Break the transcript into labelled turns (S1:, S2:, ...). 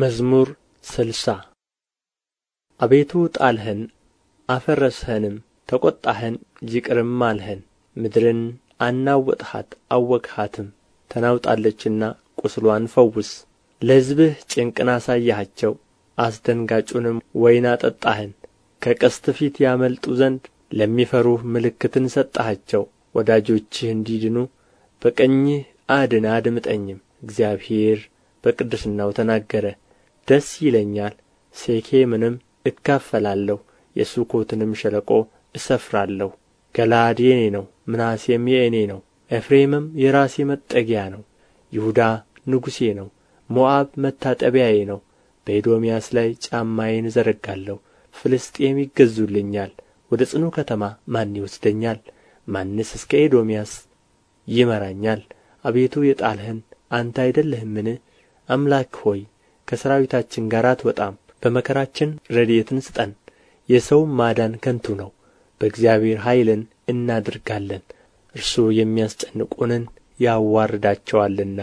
S1: መዝሙር ስልሳ አቤቱ ጣልኸን አፈረስኸንም ተቈጣኸን ይቅርም አልኸን ምድርን አናወጥሃት አወቅሃትም ተናውጣለችና ቁስሏን ፈውስ ለሕዝብህ ጭንቅን አሳያሃቸው አስደንጋጩንም ወይን አጠጣኸን ከቀስት ፊት ያመልጡ ዘንድ ለሚፈሩህ ምልክትን ሰጠሃቸው ወዳጆችህ እንዲድኑ በቀኝህ አድን አድምጠኝም እግዚአብሔር በቅድስናው ተናገረ ደስ ይለኛል ሴኬምንም እካፈላለሁ የሱኮትንም ሸለቆ እሰፍራለሁ ገላድ የእኔ ነው ምናሴም የእኔ ነው ኤፍሬምም የራሴ መጠጊያ ነው ይሁዳ ንጉሴ ነው ሞዓብ መታጠቢያዬ ነው በኤዶምያስ ላይ ጫማዬን እዘረጋለሁ ፍልስጤም ይገዙልኛል ወደ ጽኑ ከተማ ማን ይወስደኛል ማንስ እስከ ኤዶምያስ ይመራኛል አቤቱ የጣልህን አንተ አይደለህምን አምላክ ሆይ ከሠራዊታችን ጋር አትወጣም። በመከራችን ረድኤትን ስጠን። የሰውም ማዳን ከንቱ ነው። በእግዚአብሔር ኃይልን እናድርጋለን እርሱ የሚያስጨንቁንን ያዋርዳቸዋልና